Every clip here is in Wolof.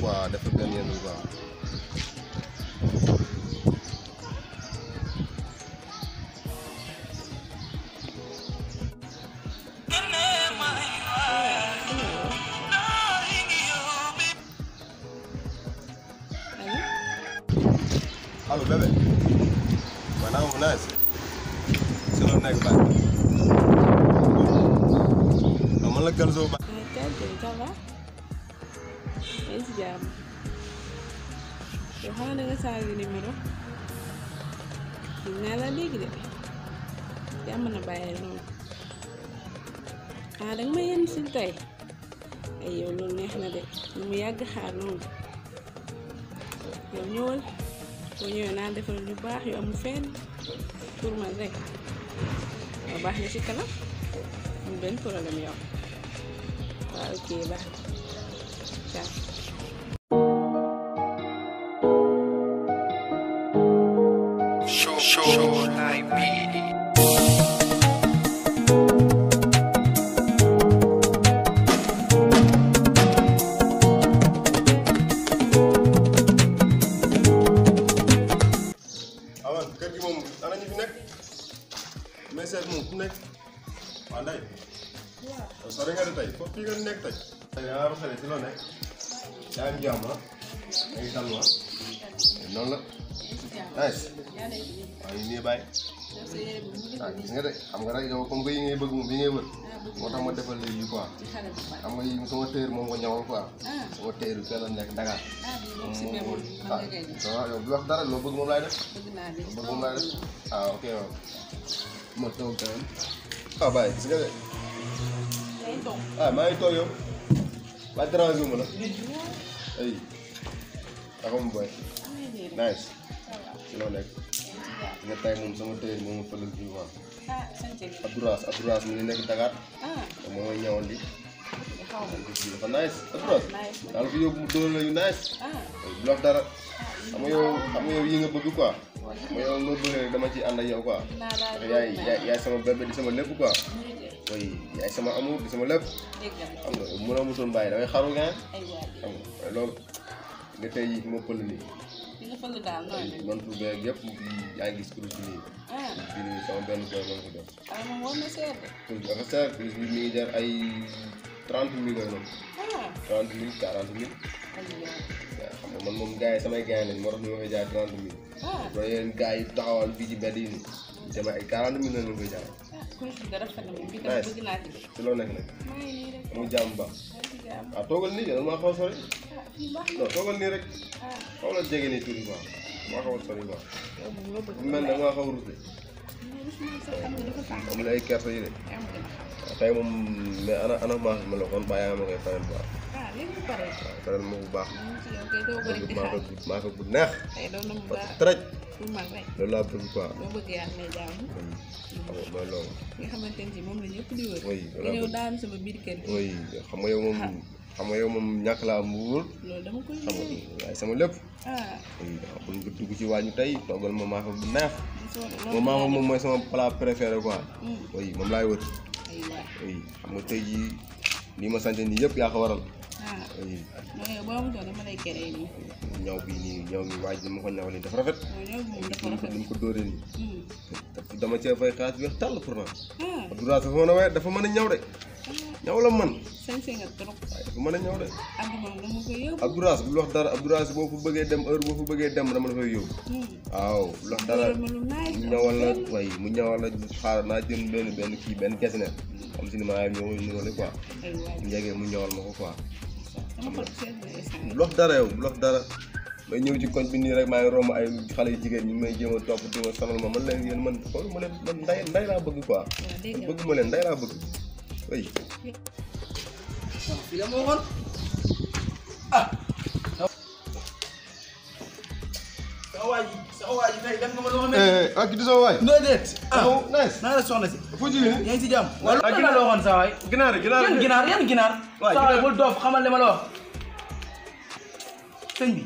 quoi bebek. Mana mau quoi Halo bebe, mwanangu mnazi, sio namna ya ci jàmm yow xanaa danga changé numéro dinaa la léegi de jàmm na bàyyi noonu ah danga ma yenn si tey ay yow loolu neex na de lu mu yàgg xaar noonu yow ñëwal boo ñëwee naa defal lu baax yu amul fenn pour man rek waaw baax na ci kanam mu benn problème yow waaw ah, ok baax それが出たいコピーが出なくたいやらされてるねやんじゃんまえいたのはなんだナイスあいねばい ah gis nga de xam nga rek yow comme que ngay bëgg moom bi ngay wër moo ma defal lii quoi xam nga yi sama téer moom ko ñawal quoi sama téer bi fenn nekk Dakar waaw yow du wax dara loo bëgg moom laay def bëgg moom laay def ah ok waaw ma toog ah bàyyi gis nga de ah maa ngi yow ba dérangé ma la ay nice ci loo nekk nga ah, tey sama tëyër moom fëlal bi waa Abdouraas Abdouraas mi ngi nekk ah, moom mooy ñëwal nice Abdouraas daal nice, yóbbu mu dóor nice ah. dara ah, xam nga yow xam nga yow yi nga bëgg quoi xam nga yow loo bëggee dama ci sama bébé sama oui yaay sama amour di sama lépp. xam nga mënoo mutoon bàyyi damay xaru nga. xam nga loolu nga tey jii fi nii. man tur beeg yëpp yaa gis kuréel gi nii. Ah. bi sama benn boy ma ko def. Ah, seer de. kuréel ay trente mille noonu. Ah. trente mille quarante mille. man moom gars yi samay gars yi lañ moo tax ñu ma ah. yi taxawal fii ci mbedd yi nii. quarante mille lañ ma koy jaay. ah ci loo nekk nag. amul jàmm baax. waaw ah, toogal nii ah, lan maa xaw a sori. non toogal nii rek. xaw la xaw sori baax. bu mel ne maa xaw a rute. amul ay kerte yi de. tey moom mais ana ana maa ma la kon bàyyi ma koy fayal baax. faral ma bu baax. maa bu neex. Mm. xam nga loolu. moom la ñëpp di yow moom ah. xam yow moom ñàkk laa am wóor. loolu dama koy waaye sama lépp. ah oui tey toggal ma maafa bu neex. moom maafa moom mooy sama plat préféré quoi. Mm. moom laay wër. xam nga tey jii li ma sant nii yëpp yaa ko waral. ma ne boo amutoon dama lay kere nii. ñaw bi nii ñaw mi waaj dama ko ñaw nii dafa rafet. ñaw oh, bi dafa rafet ni ko dóoree nii. dama cee fay xaas bi tàll pour man. Abdoulaye dafa mën a waaye dafa mën a ñaw de. ñaw la man. sañse nga trop. waaye dafa mën a ñaw de. Abdoulaye dama koy yóbbu. Abdoulaye bul wax dara Abdoulaye boo fa bëggee dem heure boo fa bëggee dem dama la fay yóbbu. waaw bul wax dara mu ñawal la waaye mu ñawal la xaaral naa jël benn benn kii benn kese ne. xam si ni maa ngi ñëw ñëwale quoi. njege mu ñawal ma ko quoi. lox dara yow lox dara may ñëw ci koñ bi rek maa ngi romb ay xale jigéen ñi may jéem a topp di ma sonal ma man leen yéen man xool ma leen man nday nday laa bëgg quoi bëgg ma leen nday laa bëgg oui. sama waay ji sama waay ji tey def nga ma loo xam ne. Eh, eh, ak di sama waay. noo déet. ah, ah naa la soxna si. fu ñu ne yaa ngi si jàmm. Ah, wala lu ma la waxoon saa waay. ginaar ginaar yan ginaar yan ginaar. waay saa waay bul doof xamal li ma la wax. sëñ bi.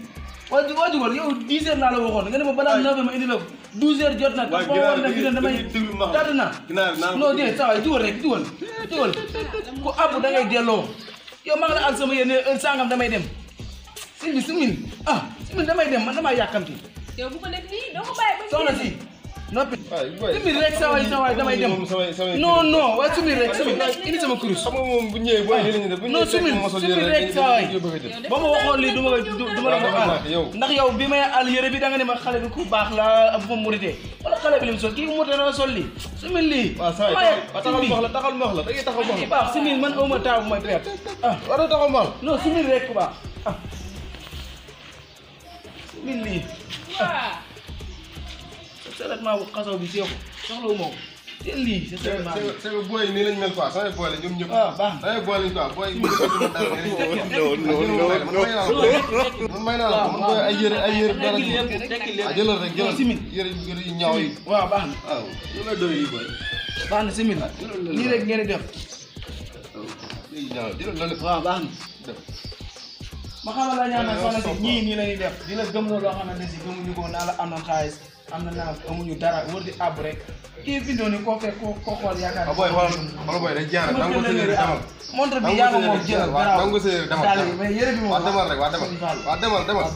waa ju waa jugal yow 10 heures naa la waxoon nga ne ma balaa 9 ma indi la ko 12 heures jot na. waay ginaar gi ginaar damay non déet saa waay dugal rek dugal dugal ku àbb da ngay delloo yow maa ngi la al sama yéene heure sangam damay dem sëñ bi sumin ah sumin damay dem man damaa yàkkamti yow bu ko def nii doo ko bàyyi ba. soxna si noppi. Ah, sumir rek sa waay sa waay damay dem non non waaye sumir rek sumir indi sama kurus. xam nga moom bu ñëwee boo bu non sumir sumir rek sa waay ba ma waxoon lii du ma du ma la ko àll ndax yow bi may àll yére bi da nga ne ma xale bi ku baax la bu ma murite wala xale bi lim sol kii murite na sol lii sumir lii. waaw saa yi taxaw mox la taxaw mox la da ngay taxaw mox la. waaw sumir man aw ma taaw bu may perte ah war na taxaw mox la non sumir rek ku baax ah sumir lii. waaw sa traitement bu xasaw bi jeexul soxlawu ma ko te lii sa traitement bi. sa booy nii lañ mel quoi samay booy la ñoom ñëpp. waaw baax na samay ah, booy lañ quoi booy. non non non non may naa la man rek jëlal yëre yëre yu ñaaw yi. waaw baax na waaw lu la doy yi baax na simin ah, lii rek ngeen di def. Ah, waaw baax na. ma xamal la ñaanal soxna si ñii nii lay def di la gëmloo loo xamante ne si gëmuñu ko naa la am na xaalis am na naa amuñu dara di àbb rek kii bindoo ni koo fekk koo koo xool yaakaar. waaw ah, booy xoolal booy dañ jaar nangu sa yére demal. montre bi yàlla moom jëlal garaaw nangu sa yére demal daal mais yére bi moom waaw demal rek waaw si xel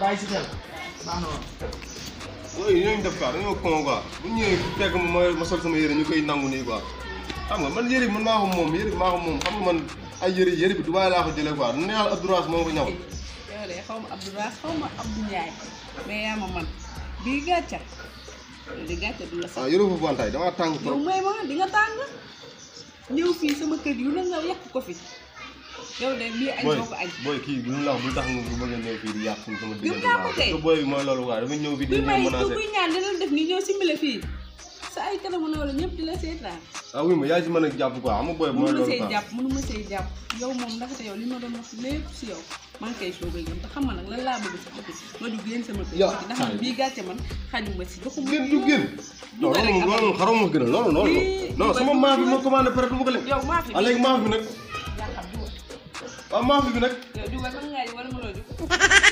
baax na ñooñu def quoi dañoo con quoi bu ñëwee fekk ma ma sol sama yére ñu koy nangu nii quoi xam nga man yére bi man maa ko moom yëri bi maa ko moom xam nga man ay yére yére bi Dubaay laa ko du neexal Abdouraas ko ñawal. yow de xaw ma Abdouraas xaw ma Abdou Ndiaye mais yaa du la sax. waaw ah, yëre foofu wantaay damaa tàng trop. kër yu ko fi. yow de lii añ boo booy kii bu ñu la tax nga bëgg yàq sama diggante. gis nga mooy loolu quoi dafa ñëw fii di bi may kuy ñaan dina def ni ñëw simile fii sa ay kanamu noonu ñëpp di la seetaan. ah oui ma yaa ci mën a jàpp quoi ama booy. mooy loolu ma see jàpp mënu ma see jàpp ma doon wax lépp si man kay soog a yem te xam nga nag lan laa bëgg si ma jug yéen sama kër. yow ndax man bii gàcce man xaju ma si. joxu ma ngeen jug yéen. non loolu loolu xarom ma gën a loolu loolu. non sama maaf bi ma commandé peut être du ma ko lekk. yow maaf bi ah léegi maaf bi ah, maaf bi nag. yow dugal mën ngaa ji wala mënoo ji